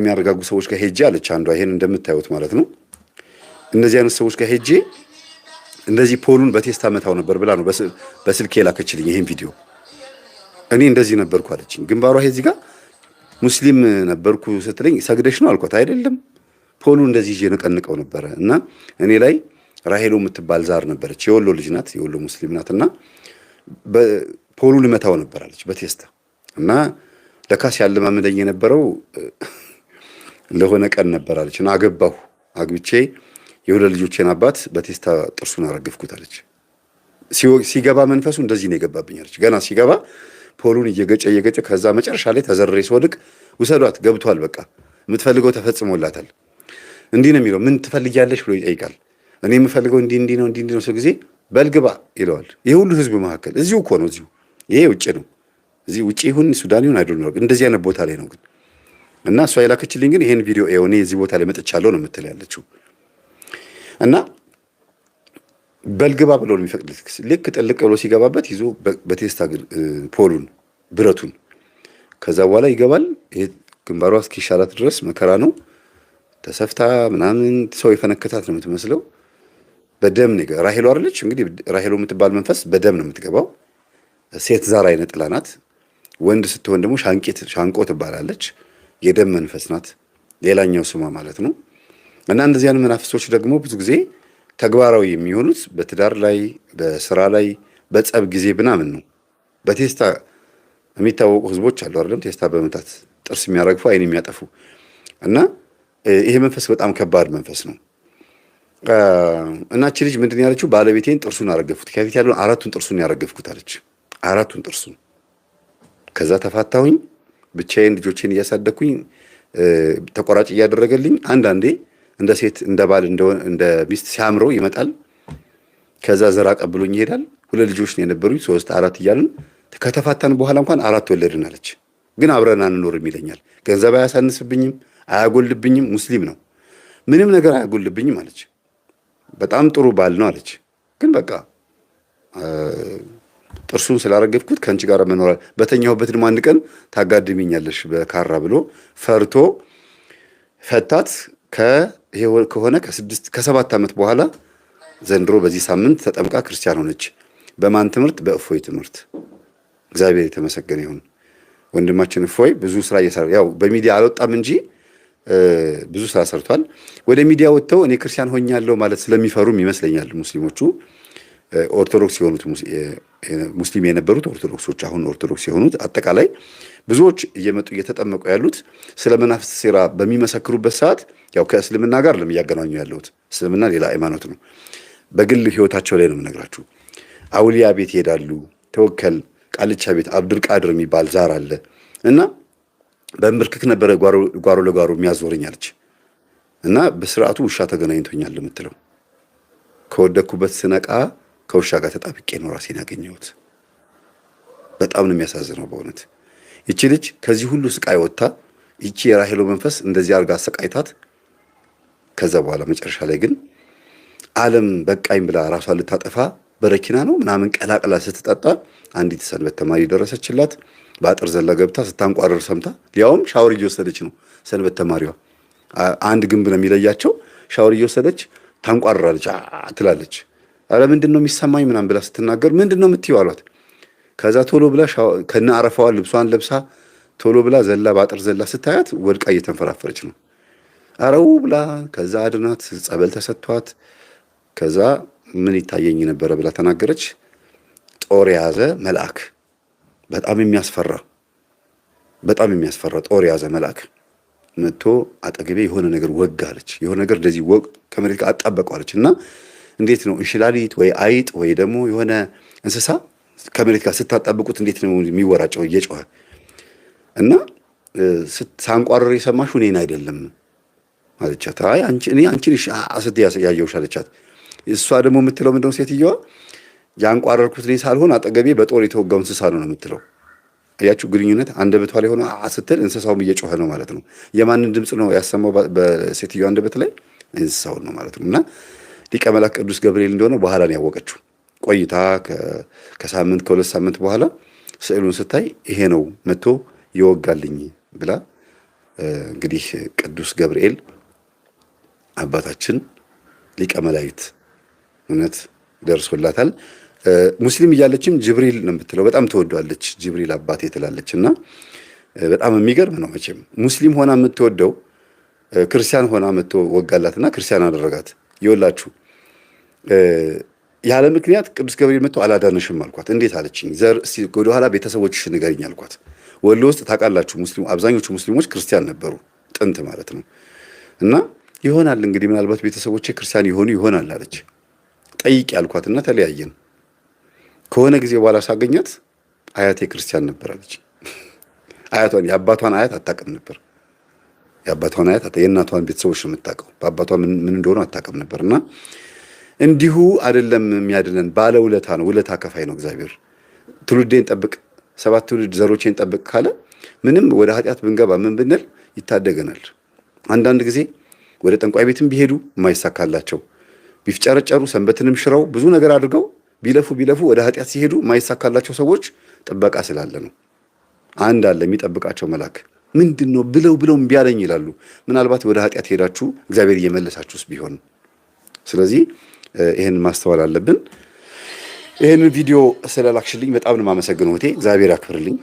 የሚያረጋጉ ሰዎች ጋር ሄጄ አለች አንዷ። ይሄን እንደምታዩት ማለት ነው። እነዚህ አይነት ሰዎች ጋር ሄጄ እንደዚህ ፖሉን በቴስታ መታው ነበር ብላ ነው በስልክ የላከችልኝ ይሄን ቪዲዮ። እኔ እንደዚህ ነበርኩ አለችኝ። ግንባሯ ይሄ እዚህ ጋር ሙስሊም ነበርኩ ስትለኝ ሰግደሽ ነው አልኳት። አይደለም ፖሉ እንደዚህ ይዤ ነቀንቀው ነበረ እና እኔ ላይ ራሄሎ የምትባል ዛር ነበረች። የወሎ ልጅ ናት፣ የወሎ ሙስሊም ናት። እና ፖሉ ልመታው ነበር አለች በቴስታ እና ለካስ ያለማምደኝ የነበረው ለሆነ ቀን አለች። እና አገባሁ አግብቼ የሁለት ልጆቼን አባት በቴስታ ጥርሱን አረገፍኩት አለች። ሲገባ መንፈሱ እንደዚህ ነው የገባብኝ አለች። ገና ሲገባ ፖሉን እየገጨ እየገጨ ከዛ መጨረሻ ላይ ተዘርሬ ስወድቅ ውሰዷት፣ ገብቷል፣ በቃ የምትፈልገው ተፈጽሞላታል። እንዲህ ነው የሚለው። ምን ትፈልጊያለሽ ብሎ ይጠይቃል። እኔ የምፈልገው እንዲህ እንዲህ ነው እንዲህ እንዲህ ነው ስል ጊዜ በልግባ ይለዋል። ይህ ሁሉ ህዝብ መካከል እዚሁ እኮ ነው፣ እዚሁ ይሄ ውጭ ነው። እዚህ ውጭ ይሁን ሱዳን ይሁን አይዶ እንደዚህ አይነት ቦታ ላይ ነው ግን እና እሷ የላከችልኝ ግን ይሄን ቪዲዮ የሆነ የዚህ ቦታ ላይ መጥቻለሁ ነው የምትል ያለችው እና በልግባ ብሎ ነው የሚፈቅድልህ። ልክ ጥልቅ ብሎ ሲገባበት ይዞ በቴስታ ፖሉን ብረቱን ከዛ በኋላ ይገባል። ይሄ ግንባሯ እስኪሻላት ድረስ መከራ ነው። ተሰፍታ ምናምን ሰው የፈነከታት ነው የምትመስለው። በደም ነው ራሄሎ አለች። እንግዲህ ራሄሎ የምትባል መንፈስ በደም ነው የምትገባው። ሴት ዛር አይነት ጥላናት ናት። ወንድ ስትሆን ደግሞ ሻንቆ ትባላለች። የደም መንፈስ ናት። ሌላኛው ስሟ ማለት ነው። እና እነዚያን መናፍስቶች ደግሞ ብዙ ጊዜ ተግባራዊ የሚሆኑት በትዳር ላይ፣ በስራ ላይ፣ በጸብ ጊዜ ምናምን ነው። በቴስታ የሚታወቁ ህዝቦች አሉ አይደለም? ቴስታ በመታት ጥርስ የሚያረግፉ አይን የሚያጠፉ እና ይሄ መንፈስ በጣም ከባድ መንፈስ ነው። እናች ልጅ ምንድን ያለችው? ባለቤቴን ጥርሱን አረገፍኩት፣ ከፊት ያለውን አራቱን ጥርሱን ያረገፍኩት አለች። አራቱን ጥርሱን ከዛ ተፋታሁኝ ብቻዬን ልጆቼን እያሳደግኩኝ ተቆራጭ እያደረገልኝ አንዳንዴ እንደ ሴት እንደ ባል እንደ ሚስት ሲያምረው ይመጣል። ከዛ ዘር አቀብሎኝ ይሄዳል። ሁለት ልጆች ነው የነበሩኝ፣ ሶስት አራት እያልን ከተፋታን በኋላ እንኳን አራት ወለድን አለች። ግን አብረን አንኖርም ይለኛል። ገንዘብ አያሳንስብኝም፣ አያጎልብኝም። ሙስሊም ነው፣ ምንም ነገር አያጎልብኝም አለች። በጣም ጥሩ ባል ነው አለች። ግን በቃ ጥርሱን ስላረገፍኩት ከአንቺ ጋር መኖራል በተኛሁበት ድማ አንድ ቀን ታጋድሚኛለሽ በካራ ብሎ ፈርቶ ፈታት። ከሆነ ከሰባት ዓመት በኋላ ዘንድሮ በዚህ ሳምንት ተጠምቃ ክርስቲያን ሆነች። በማን ትምህርት? በእፎይ ትምህርት። እግዚአብሔር የተመሰገነ ይሁን። ወንድማችን እፎይ ብዙ ስራ እየሰራ ያው በሚዲያ አልወጣም እንጂ ብዙ ስራ ሰርቷል። ወደ ሚዲያ ወጥተው እኔ ክርስቲያን ሆኛለሁ ማለት ስለሚፈሩም ይመስለኛል ሙስሊሞቹ ኦርቶዶክስ የሆኑት ሙስሊም የነበሩት ኦርቶዶክሶች አሁን ኦርቶዶክስ የሆኑት አጠቃላይ ብዙዎች እየመጡ እየተጠመቁ ያሉት ስለ መናፍስት ሴራ በሚመሰክሩበት ሰዓት ያው ከእስልምና ጋር ለሚያገናኙ ያለሁት እስልምና ሌላ ሃይማኖት ነው። በግል ህይወታቸው ላይ ነው የምነግራችሁ። አውሊያ ቤት ይሄዳሉ። ተወከል ቃልቻ ቤት አብዱል ቃድር የሚባል ዛር አለ እና በምርክክ ነበረ ጓሮ ለጓሮ የሚያዞረኝ የሚያዞረኛለች እና በስርዓቱ ውሻ ተገናኝቶኛል የምትለው ከወደኩበት ስነቃ ከውሻ ጋር ተጣብቄ ነው ራሴን ያገኘሁት። በጣም ነው የሚያሳዝነው በእውነት ይቺ ልጅ ከዚህ ሁሉ ስቃይ ወጥታ ይቺ የራሄሎ መንፈስ እንደዚህ አርጋ አሰቃይታት። ከዛ በኋላ መጨረሻ ላይ ግን ዓለም በቃኝ ብላ ራሷን ልታጠፋ በረኪና ነው ምናምን ቀላቅላ ስትጠጣ አንዲት ሰንበት ተማሪ ደረሰችላት። በአጥር ዘላ ገብታ ስታንቋረር ሰምታ፣ ሊያውም ሻወር እየወሰደች ነው ሰንበት ተማሪዋ። አንድ ግንብ ነው የሚለያቸው። ሻወር እየወሰደች ታንቋርራለች ትላለች። አረ ምንድን ነው የሚሰማኝ ምናምን ብላ ስትናገር ምንድን ነው የምትይው አሏት። ከዛ ቶሎ ብላ ከነ አረፋዋን ልብሷን ለብሳ ቶሎ ብላ ዘላ በአጥር ዘላ ስታያት ወድቃ እየተንፈራፈረች ነው። አረው ብላ ከዛ አድናት ጸበል ተሰጥቷት ከዛ ምን ይታየኝ ነበረ ብላ ተናገረች። ጦር የያዘ መልአክ በጣም የሚያስፈራ በጣም የሚያስፈራ ጦር የያዘ መልአክ መጥቶ አጠገቤ የሆነ ነገር ወግ አለች። የሆነ ነገር እንደዚህ ወግ ከመሬት ጋር አጣበቀዋለች እና እንዴት ነው እንሽላሊት ወይ አይጥ ወይ ደግሞ የሆነ እንስሳ ከመሬት ጋር ስታጣብቁት እንዴት ነው የሚወራጨው እየጮኸ እና ሳንቋረር የሰማሽ እኔን አይደለም አለቻት። እኔ አንቺን አስት ያየውሽ አለቻት። እሷ ደግሞ የምትለው ምንድነው ሴትየዋ ያንቋረርኩት እኔ ሳልሆን አጠገቤ በጦር የተወጋው እንስሳ ነው ነው የምትለው። እያችሁ ግንኙነት አንደበቷ ላይ ሆነ ስትል እንስሳውም እየጮኸ ነው ማለት ነው። የማንን ድምፅ ነው ያሰማው? በሴትዮዋ አንደበት ላይ እንስሳውን ነው ማለት ነው እና ሊቀ መላክ ቅዱስ ገብርኤል እንደሆነ በኋላ ነው ያወቀችው። ቆይታ ከሳምንት ከሁለት ሳምንት በኋላ ስዕሉን ስታይ ይሄ ነው መጥቶ ይወጋልኝ ብላ እንግዲህ ቅዱስ ገብርኤል አባታችን ሊቀ መላእክት እውነት ደርሶላታል። ሙስሊም እያለችም ጅብሪል ነው የምትለው። በጣም ትወደዋለች። ጅብሪል አባቴ ትላለች እና በጣም የሚገርም ነው መቼም ሙስሊም ሆና የምትወደው ክርስቲያን ሆና መጥቶ ወጋላትና ክርስቲያን አደረጋት። ይወላችሁ ያለ ምክንያት ቅዱስ ገብርኤል መጥቶ አላዳነሽም አልኳት። እንዴት አለችኝ። ዘር እስቲ ኋላ ቤተሰቦችሽ ንገሪኝ አልኳት። ወሎ ውስጥ ታውቃላችሁ፣ አብዛኞቹ ሙስሊሞች ክርስቲያን ነበሩ ጥንት ማለት ነው። እና ይሆናል እንግዲህ ምናልባት ቤተሰቦች ክርስቲያን የሆኑ ይሆናል አለች። ጠይቂ አልኳትና ተለያየን። ከሆነ ጊዜ በኋላ ሳገኛት አያቴ ክርስቲያን ነበር አለች። አያቷን የአባቷን አያት አታውቅም ነበር የአባቷን አያት የእናቷን ቤተሰቦች ነው የምታውቀው። በአባቷ ምን እንደሆኑ አታውቅም ነበር። እና እንዲሁ አይደለም የሚያድለን፣ ባለ ውለታ ነው። ውለታ ከፋይ ነው እግዚአብሔር። ትውልዴን ጠብቅ፣ ሰባት ትውልድ ዘሮቼን ጠብቅ ካለ ምንም ወደ ኃጢአት ብንገባ ምን ብንል ይታደገናል። አንዳንድ ጊዜ ወደ ጠንቋይ ቤትም ቢሄዱ የማይሳካላቸው ቢፍጨረጨሩ ሰንበትንም ሽረው ብዙ ነገር አድርገው ቢለፉ ቢለፉ ወደ ኃጢአት ሲሄዱ የማይሳካላቸው ሰዎች ጥበቃ ስላለ ነው። አንድ አለ የሚጠብቃቸው መልአክ። ምንድን ነው ብለው ብለው እምቢ አለኝ ይላሉ። ምናልባት ወደ ኃጢአት ሄዳችሁ እግዚአብሔር እየመለሳችሁስ ቢሆን። ስለዚህ ይህን ማስተዋል አለብን። ይህንን ቪዲዮ ስለላክሽልኝ በጣም ነው የማመሰግነው እህቴ። እግዚአብሔር ያክብርልኝ።